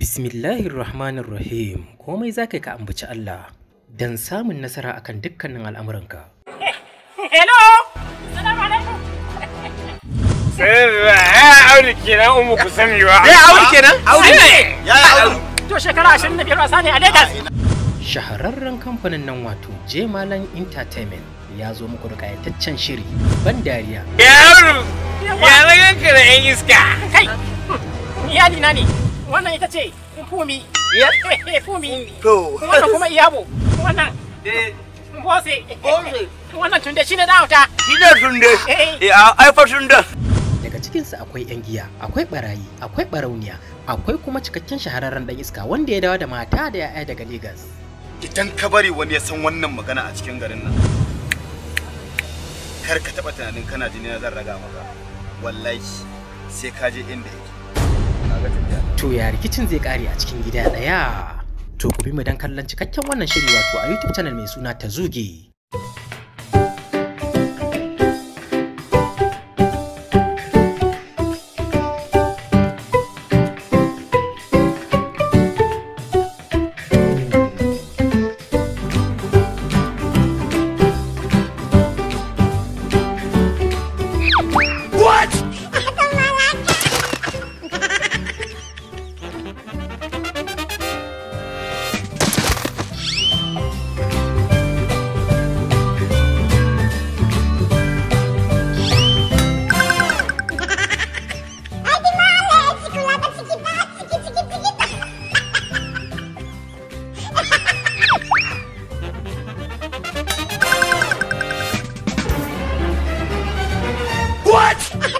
Bismillahir Rahmanir Rahim, komai za ka ambaci Allah don samun nasara akan dukkanin al'amuranka. Hello! Salamu alaikum! ya eh, aure kenan umu ku sani ba. Ya eh, aure kenan? Aure ne. Ya aure. To shekara 25 wasa ne a Legas. Shahararren kamfanin nan wato Jemalan Entertainment ya zo muku da kayataccen shiri ban dariya. Ya aure. Ya zagan ka da 'yan iska. Kai, iyali na ne. wannan ita ce fumi fumi to wannan kuma iyabo wannan bose wannan tunde shine da auta shine tunde eh, eh. eh ai fa tunde daga cikinsu akwai 'yan giya akwai barayi akwai barauniya akwai kuma cikakken shahararren dan iska wanda ya dawo da mata da 'ya'ya daga Legas. idan ka bari wani ya san wannan magana a cikin garin nan kar ka taɓa tunanin kana jini na zan raga maka wallahi sai ka je inda yake To ya rikicin zai kare a cikin gida ɗaya? To ku bi mu dan kallon cikakken wannan shiri wato a YouTube channel mai suna tazuge What?